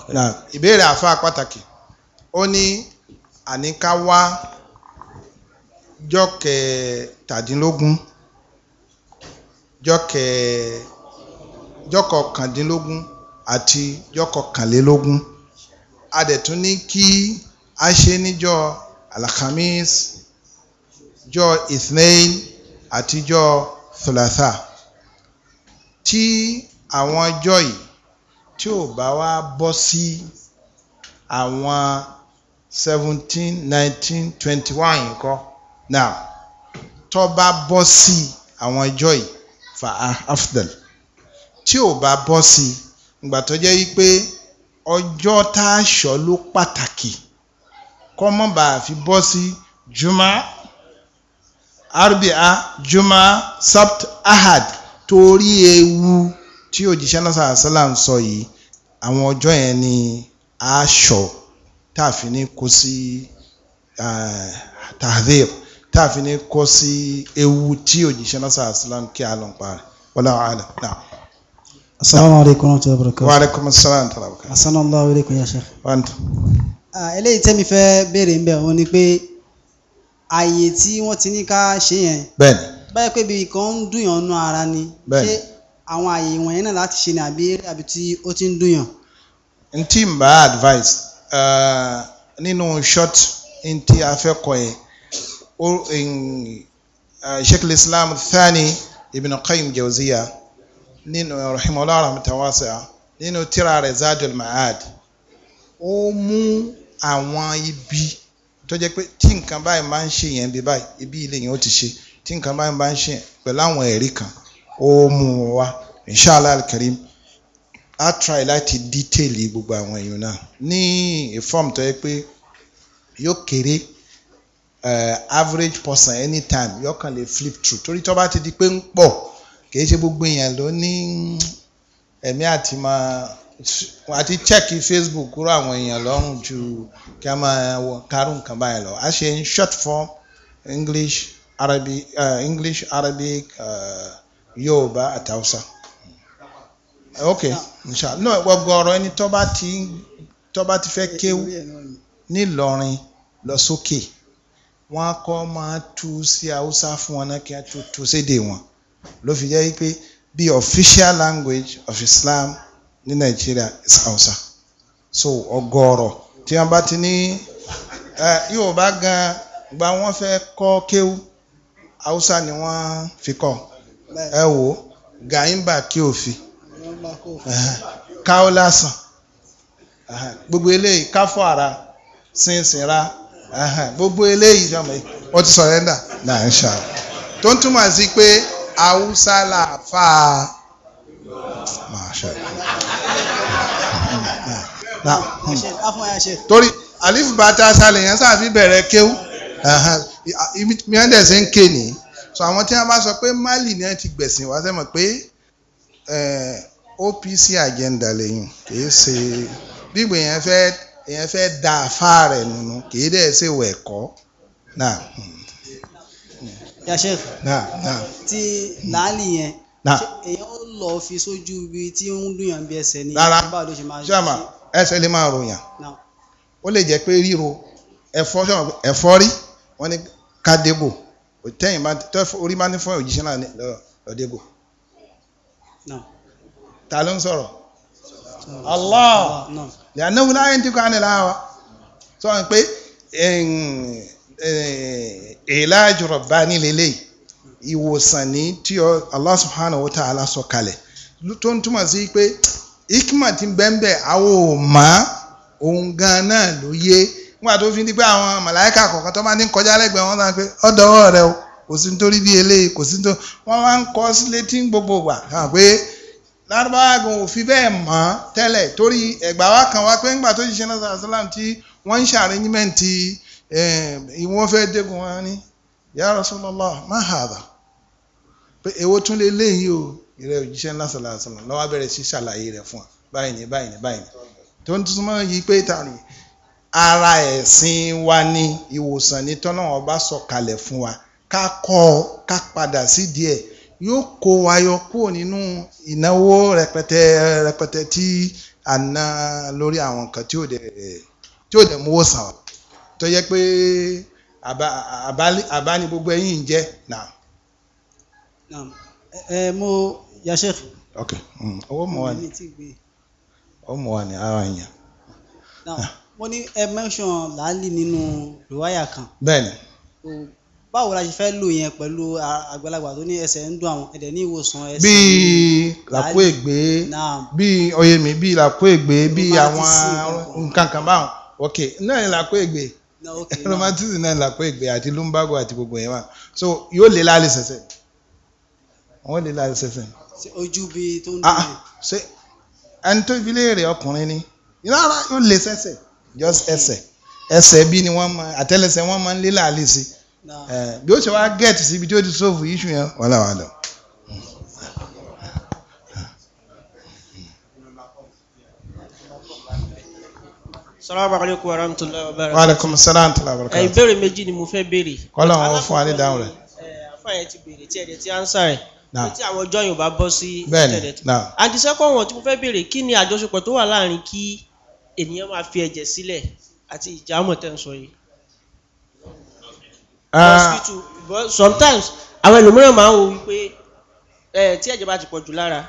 S1: na a àfa pàtàkì ó ní àníkáwá jọ jọ́kẹ̀ẹ́ jọ́kọ̀kàndínlógún àti jọ́kọ̀kànlélógún a dẹ̀ tún ní kí a ṣe níjọ́ alhamis jọ́ ithnain àti jọ́ thulatha tí àwọn ọjọ́ yìí tí ò bá wá bọ́ sí àwọn seventeen nineteen twenty one nǹkan now tó bá bọ́ sí àwọn ọjọ́ yìí fa afdal tí ò bá bọ́ sí i ìgbà tó jẹ́ wípé ọjọ́ tá a sọ ló pàtàkì kọ́ mọ́ bá a fi bọ́ sí juma arbia juma sabt ahad torí ewu tí òjíṣẹ́ náà sàásálà ń sọ yìí àwọn ọjọ́ yẹn ni a sọ tá a fi ní kó sí tahdir tá a fi ní kó sí ewu tí òjíṣẹ́ náà sàásálà ń kí a lọ́n parí wọ́n àlọ́ náà asalaamu aleykum wa rahmatulahi wa barakatuh. wa aleykum salaam wa rahmatulahi. asalaamu aleykum ya sheikh. wa n tun. Ah, eléyìí tẹ́mi fẹ́ béèrè ń bẹ̀ wọ́n ni pé ààyè tí wọ́n ti ní ká ṣe yẹn. bẹ́ẹ̀ni. báyọ̀ pé ibi kan ń dùn yàn nú ara ni. bẹ́ẹ̀ni. ṣé àwọn ààyè wọ̀nyẹn náà láti ṣe ni àbí àbí tí ó ti ń dùn yàn. n tí n bá advice ah, nínú short n tí a fẹ́ kọ yẹn ah, sheikh islam thani ibn qayyim jawziya nínú rahimahulah rahmatan wasi'a nínú tírà rẹ̀ zadul ma'ad ó mú àwọn ibi tó jẹ́ pé tí nǹkan báyìí máa ń ṣe yẹn bí báyìí ibi ilé yẹn ó ti ṣe tí nǹkan báyìí máa ń ṣe pẹ̀lú àwọn ẹ̀rí kan ó mú wọn wá inshallah alkarim a try láti detail gbogbo àwọn èèyàn náà ní inform tó yẹ pé yóò kéré eh, average person anytime yóò kàn lè flip through torí tó bá ti di pé ń pọ̀ kìí ṣe gbogbo èèyàn ló ní ẹ̀mí àti máa àti chẹ́ẹ̀kì Facebook kúrò àwọn èèyàn lọ́rùn ju kí a máa wọ kárùn nǹkan báyìí lọ a ṣe in short form English Arabic uh, English Arabic uh, Yorùbá àti Hausa ok inshallah no ọ̀gọ̀rọ̀ ẹni tó bá ti tó bá ti fẹ́ kéwú nílọrin lọ sókè wọn á kọ́ máa tú sí Hausa fún wọn náà kí wọ́n tó tú sédè wọn ló fi jẹ́ pé the official language of Islam ní Nàìjíríà is Hausa so ọ̀gọ̀rọ̀ tí wọ́n bá ti ní Yorùbá gan gba wọ́n fẹ́ kọ́ kéwú Hausa ni wọ́n fi kọ́ ẹ wò ó gàyìnbà kí òfin káwó lásán gbogbo eléyìí káfọ́ ara sínsinra gbogbo eléyìí ọtí sọ̀rẹ́ndà náà ń ṣá tó ń túmọ̀ sí pé haúsá hmm. fa. torí alifu bàtà sálẹ̀ yẹn sáà fi bẹ̀rẹ̀ kéwú miandese ń ké ní so àwọn tí wọn bá sọ pé mali ni wọn ti gbẹ̀sìn wá sẹ́mọ̀ pé eh, OPC agenda lẹ́yìn kìí ṣe gbígbé yẹn fẹ́ yẹn fẹ́ da afá rẹ̀ nínú kìí dẹ̀ ṣe wẹ̀kọ́ náà ya sheikh tí làálì yẹn èèyàn ó lọ fi sójú ibi tí ń dùnyàn bí ẹsẹ̀ ni rárá ṣáàmà ẹsẹ̀ lè máa ròyàn ó lè jẹ́ pé ríro ẹ̀fọ́rí wọ́n ní kádébò tẹ́yìn bá orí máa ní fún òjíṣẹ́ náà lọ́dẹ́gò ta ló ń sọ̀rọ̀ Allah lẹ́yìn láyé ń tí kò á nílá wa sọ wọn pé ìlàjù eh, rabbani lélẹ̀ ìwòsàn ní tí Allah subhanahu wa ta'ala sọ kalẹ̀ tó ń túmọ̀ sí pé ikma ti bẹ́ńbẹ́ àwọn ò mọ̀ ohun gan náà ló yé nígbà tó fi di pé àwọn màláìka kọ̀ọ̀kan tó ní kọjá wọn náà pé rẹ o kò sí nítorí bí eléyìí kò sí gbogbo hàn pé lárúbáwá fi bẹ́ẹ̀ mọ̀ tẹ́lẹ̀ torí ẹ̀gbà wa kan wá pé nígbà tó ṣiṣẹ́ náà tí wọ́n ìwọ́n fẹ́ dégun wọn ní ya Rasulullah ma hadha pé èwo tún lè léyìí o ìrẹ òjíṣẹ́ ńlá sàlàsàlà lọ́wọ́ bẹ̀rẹ̀ sí ṣàlàyé rẹ̀ fún wa báyìí ní báyìí ní báyìí ní tó ń túmọ̀ yìí pé tààrí ara ẹ̀sìn wa ni ìwòsàn ní tọ́lọ́wọ́n bá sọ kalẹ̀ fún wa ká kọ́ ọ ká padà sí díẹ̀ yóò kó wa yọ kúrò nínú ìnáwó rẹpẹtẹ rẹpẹtẹ tí à ń ná lórí àwọn nǹkan tí ò dẹ̀ tí ò dẹ̀ mówó sàn wá tó yẹ pé àbá ni gbogbo ẹ̀yin ń jẹ́ náà. ẹ mo yasef. ok ọwọ́ mm, mọ̀ wá ní ọwọ́ mọ̀ wá ní ara yẹn. wọ́n ní ẹ mẹ́sàn-án làálì nínú rìwáyà kan. bẹ́ẹ̀ni. báwo la ṣe fẹ́ lò yẹn pẹ̀lú àgbàlagbà tó ní ẹsẹ̀ ń dùn àwọn ẹ̀dẹ̀ ní ìwòsàn ẹsẹ̀. bíi làkó ègbé bíi ọyẹmí bíi làkó ègbé bíi àwọn nǹkan kan báwọn ok náà ni làkó ègbé romantism náà làpọ̀ ìgbé àti lumbago àti gbogbo ẹ̀ wà so yóò lé lálẹ́ sẹ̀sẹ̀ wọ́n lé lálẹ́ sẹ̀sẹ̀. ojú bi tó ń ah, dùn. ẹni tó ibi léèrè ọkùnrin ni rárá yóò lé sẹ̀sẹ̀ just ẹsẹ̀ ẹsẹ̀ bí ni wọ́n máa àtẹ́lẹsẹ̀ wọ́n máa ń lé lálẹ́ sí bí ó ṣe wá gẹ̀ẹ́tì síbi tí ó ti sóòfù yíṣu yẹn wọ́n làwọn àdàn. salamu alaykum wa rahmatulahi wa barakatuh. wa alaykum salaam wa rahmatulahi wa barakatuh. ìbéèrè méjì ni mo fẹ́ béèrè. kọ́lọ̀ wọn fún wa ní dáhùn rẹ̀. àfààyàn ti béèrè tí ẹ̀dẹ̀ ti ánsá rẹ̀. náà tí àwọn ọjọ́ yorùbá bọ́ sí tẹ̀lẹ̀ tó. and the second one tí mo fẹ́ béèrè kí ni àjọṣepọ̀ tó wà láàrin kí ènìyàn máa fi ẹ̀jẹ̀ sílẹ̀ àti ìjàmọ̀ tẹ̀ ń sọ yìí. Ah. sometimes àwọn ẹlòmíràn máa ń wo wípé tí ẹ̀jẹ̀ bá ti pọ̀ jù lára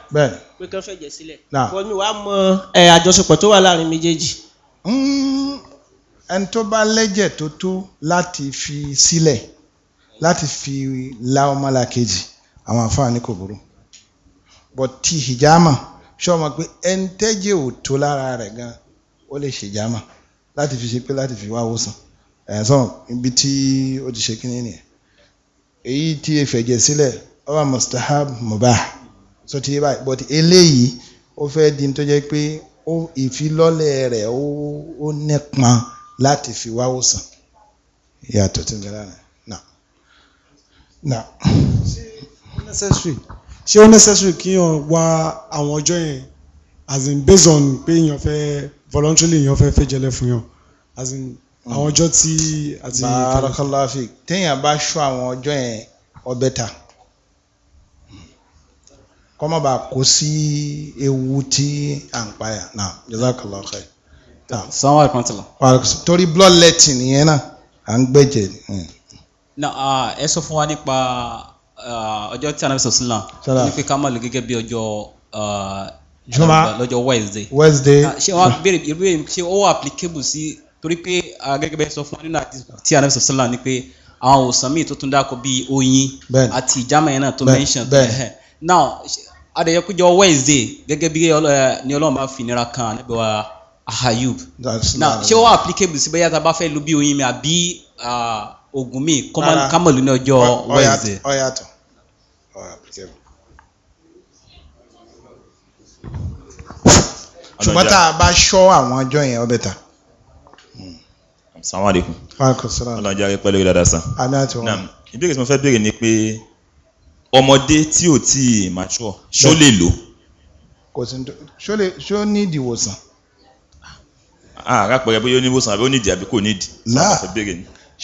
S1: pé kán fẹ̀jẹ̀ sílẹ̀ wọ́n ní wàá mọ àjọṣepọ̀ tó wà láàrin méjèèjì ẹni tó bá lẹ́jẹ̀ tó tó láti fi sílẹ̀ láti fi la ọmọlàkejì àwọn àfáàní kò burú bọ̀ ti hijama ṣọ́ ma pé ẹni tẹ́jẹ̀ ò tó lára rẹ̀ gan ó lè ṣèjama láti fi ṣe pé láti fi wá wòsàn ẹ̀yàn sọ̀rọ̀ ibi tí ó ti ṣe kíní nìyẹn èyí tí efẹ̀jẹ̀ sílẹ̀ ọba mustahab mubah sọ ti yé báyìí but eléyìí ó fẹ́ di tó jẹ́ pé ó ìfilọ́lẹ̀ rẹ̀ ó ó nípọn láti fi wá òsàn ìyàtọ̀ tí ń bẹ̀rẹ̀ rẹ̀ náà náà. ṣé ó necessary kí èèyàn wá àwọn ọjọ́ yẹn as in based on pé èèyàn fẹ́ voluntarily èèyàn fẹ́ fẹ́ jẹlẹ fún yàn as in àwọn mm. ọjọ́ tí. barakallahu fik téèyàn bá ṣọ́ àwọn ọjọ́ yẹn ó better kọ́mọ́ bá kó sí ewu tí à ń payà náà jazakallah khair. sanwó àìpọ́ntìlá. torí blood letting yẹn náà à ń gbẹ̀jẹ̀. Hmm. ẹ sọ fún wa nípa ọjọ́ tí anabi sọ̀sìn náà wípé ká má lò gẹ́gẹ́ bí ọjọ́ juma lọ́jọ́ wednesday. wednesday. ṣé wọ́n béèrè ìrú èyí ṣé ó wà applicable sí torí pé gẹ́gẹ́ bẹ́ẹ̀ sọ fún wa nínú àti anabi sọ̀sìn náà ni pe àwọn òsàn míì tó tún dáko bíi oyin àti ìjàmọ̀ yẹn na tó mention. now adẹ̀yẹkújọ wednesday gẹ́gẹ́ bí eh, ni ọlọ́run bá fi nira kan níbi wa ahayub na ṣé wọ́n applicable sí bẹ́yà tá a bá fẹ́ lu bí oyin mi àbí oògùn mi kámọ̀lú ní ọjọ́ wednesday. ọ̀yàtọ̀ ọ̀yàtọ̀ ṣùgbọ́n tá a bá ṣọ́ àwọn ọjọ́ yẹn ọbẹ̀ ta. Hmm. salamaleykum. wa alaykum salaam. ọlọ́jà rẹ pẹ́ lórí dáadáa sàn. àmì àti wọn. ìbéèrè tí mo fẹ́ béèrè ni pé ọmọdé tí ò tí ì mature ṣó lè lò. kò sí ṣó lè ṣó ní ìdìwòsàn. àrà pẹrẹ bóyá ó ní ìwòsàn àbí ó ní ìdí àbí kò ní ìdí. láà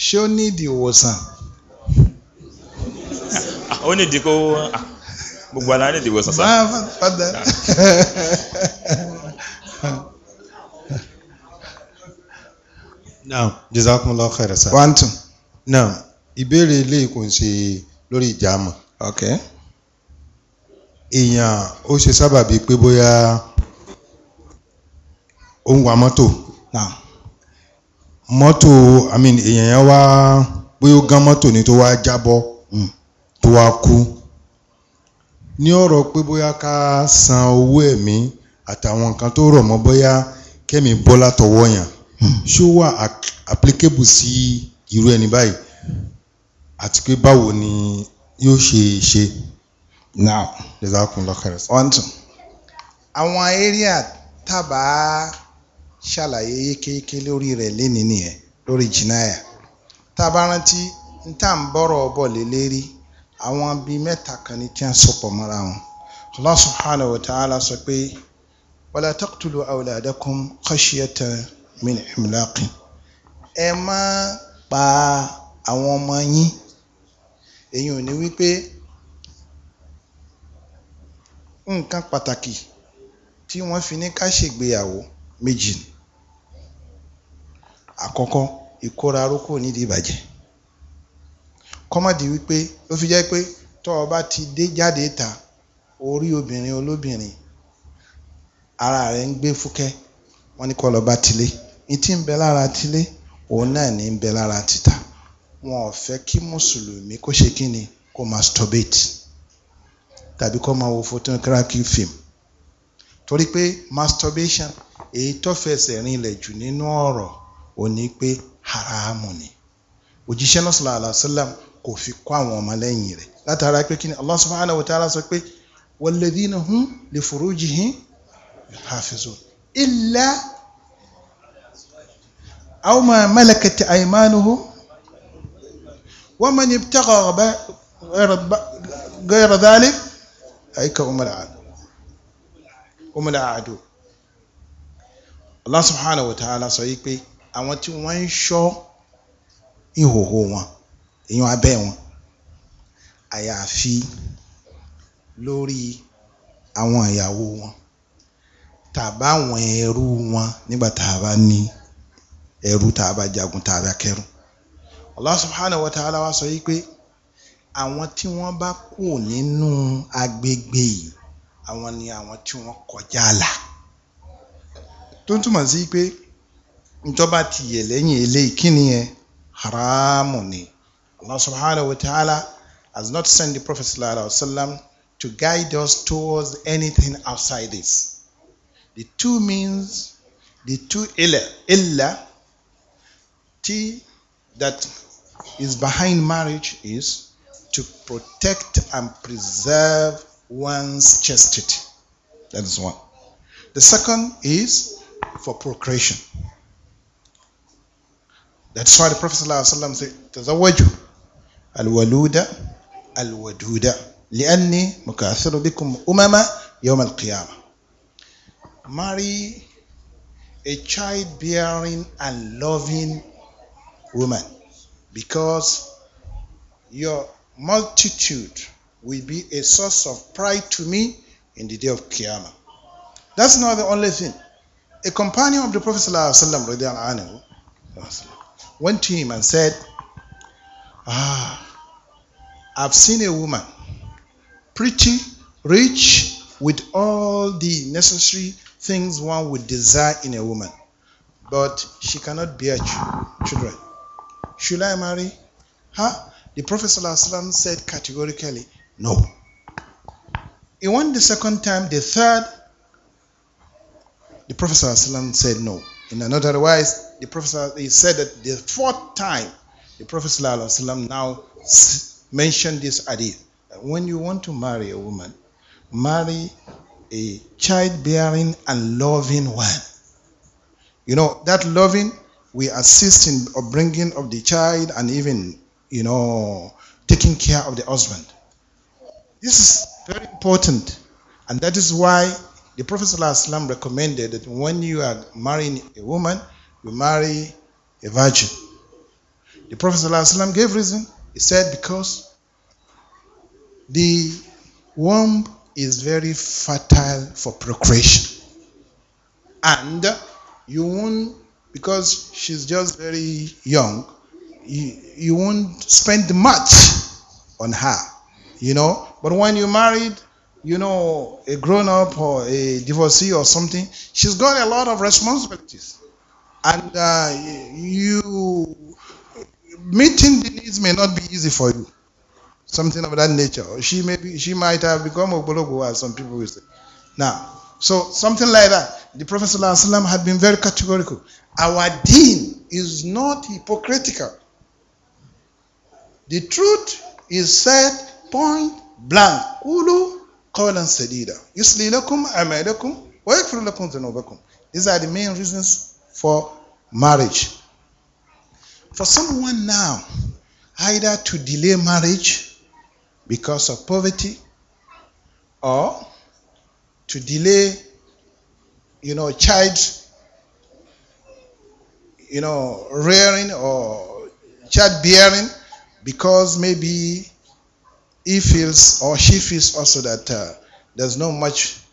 S1: ṣó ní ìdìwòsàn. ó ní ìdí kó gbogbo ara ní ìdìwòsàn máa padà. now jazakumullahu khairan sir. one two. now ìbéèrè ilé ìkùnsè lórí ìjàmọ̀ okay èèyàn ó ṣe sábàbí pé bóyá ó ń wa mọ́tò mọ́tò i mean èèyàn yẹn wá bóyá ó gán mọ́tò ni tó wá jábọ́ hmm, tó wá kú ní ọ̀rọ̀ pé bóyá ká san owó ẹ̀mí àtàwọn nǹkan tó rọ̀ mọ́ bóyá kẹ́mi bọ́ látọwọ́ yàn hmm, ṣó wà applicable sí irú ẹni báyìí àti pé báwo ni yóò ṣe é ṣe now jẹ́sàkùn lọ́kẹ̀rẹ́ ọ̀ǹtún. àwọn area tábà ṣàlàyé yékéyéké lórí rẹ̀ lénìí nìyẹn lórí jìnnáyà tábà rántí n tá n bọ̀rọ̀ ọbọ̀ lé lérí àwọn bíi mẹ́ta kan ní tí wọ́n sopọ̀ mọ́ra wọn Allah subhanahu wa ta'ala sọ pé wala taqtulu awladakum khashyata min imlaqin ẹ má pa àwọn ọmọ yín èyun ni wí pé nǹkan pàtàkì tí wọ́n fi ní ká ṣègbéyàwó méjì ni. Àkọ́kọ́ ìkóraró kúrò nídìí ìbàjẹ́ kọ́ má di wí pé ló fi jẹ́ pé tọ́ ọ bá ti dé jáde ìta o rí obìnrin olóbìnrin ara rẹ̀ ń gbé fúkẹ́ wọ́n ní kó lọ bá tilé n tí ń bẹ lára tilé òun náà ní ń bẹ lára tìta wọn ò fẹ́ kí mùsùlùmí kó ṣe kí ni kó masturbate tàbí kó máa wo photography film torí pé masturbation èyí tó fẹsẹ̀ rinlẹ̀ jù nínú ọ̀rọ̀ ò ní pé haramu ni òjíṣẹ́ náà sallallahu alaihi wasallam kò fi kọ́ àwọn ọmọlẹ́yìn rẹ̀ látara pé kí ni Allah subhanahu wa ta'ala sọ pé walladhina hum li furujihim hafizun illa aw ma malakat aymanuhum ومن ابتغى غير غير ذلك أيك هم العادو هم العادو Allah subhanahu wa ta'ala sọ yìí pé àwọn tí wọ́n ń ṣọ́ ìhòhò wọn èèyàn abẹ́ wọn àyàfi lórí àwọn ìyàwó wọn tàbáwọn ẹrú wọn nígbà tá a bá ní ẹrú tá a bá jagun tá a bá kẹrù Allah subhanahu wa ta'ala wa sọ yìí pé àwọn tí wọ́n bá kú nínú agbègbè yìí àwọn ni àwọn tí wọ́n kọjá àlà ti yẹ̀ lẹ́yìn eléyìí ni awon ti won koja ala to n tumo si ti haramu ni Allah subhanahu wa ta'ala has not sent the Prophet sallallahu alaihi wa sallam to guide us towards anything outside this the two means the two illa illa t that is behind marriage is to protect and preserve one's chastity. That is one. The second is for procreation. That's why the Prophet ﷺ said, تزوجوا الولود الودود لأني مكاثر بكم أمما يوم القيامة. Marry a child-bearing and loving woman because your multitude will be a source of pride to me in the day of Qiyamah. That's not the only thing. A companion of the Prophet ﷺ went to him and said, Ah, I've seen a woman, pretty, rich, with all the necessary things one would desire in a woman, but she cannot bear children. Should I marry her? The Prophet ﷺ said categorically, No. He went the second time, the third, the Prophet ﷺ said no. In another wise, the Prophet he said that the fourth time, the Prophet ﷺ now mentioned this hadith. When you want to marry a woman, marry a childbearing and loving one. You know, that loving we assist in bringing of the child and even, you know, taking care of the husband. This is very important, and that is why the Prophet ﷺ recommended that when you are marrying a woman, you marry a virgin. The Prophet ﷺ gave reason. He said because the womb is very fertile for procreation, and you won't because she's just very young, you, you won't spend much on her, you know. But when you married, you know, a grown up or a divorcee or something, she's got a lot of responsibilities. And uh, you meeting the needs may not be easy for you. Something of that nature. She may be, she might have become a bologo, as some people will say. Now, So something like that. The Prophet ﷺ had been very categorical. Our deen is not hypocritical. The truth is said point blank. Ulu qawlan sadida. Yusli lakum amalakum wa yakfir lakum dhunubakum. These are the main reasons for marriage. For someone now, either to delay marriage because of poverty or to delay, you know, child, you know, rearing or child bearing, because maybe he feels or she feels also that uh, there's not much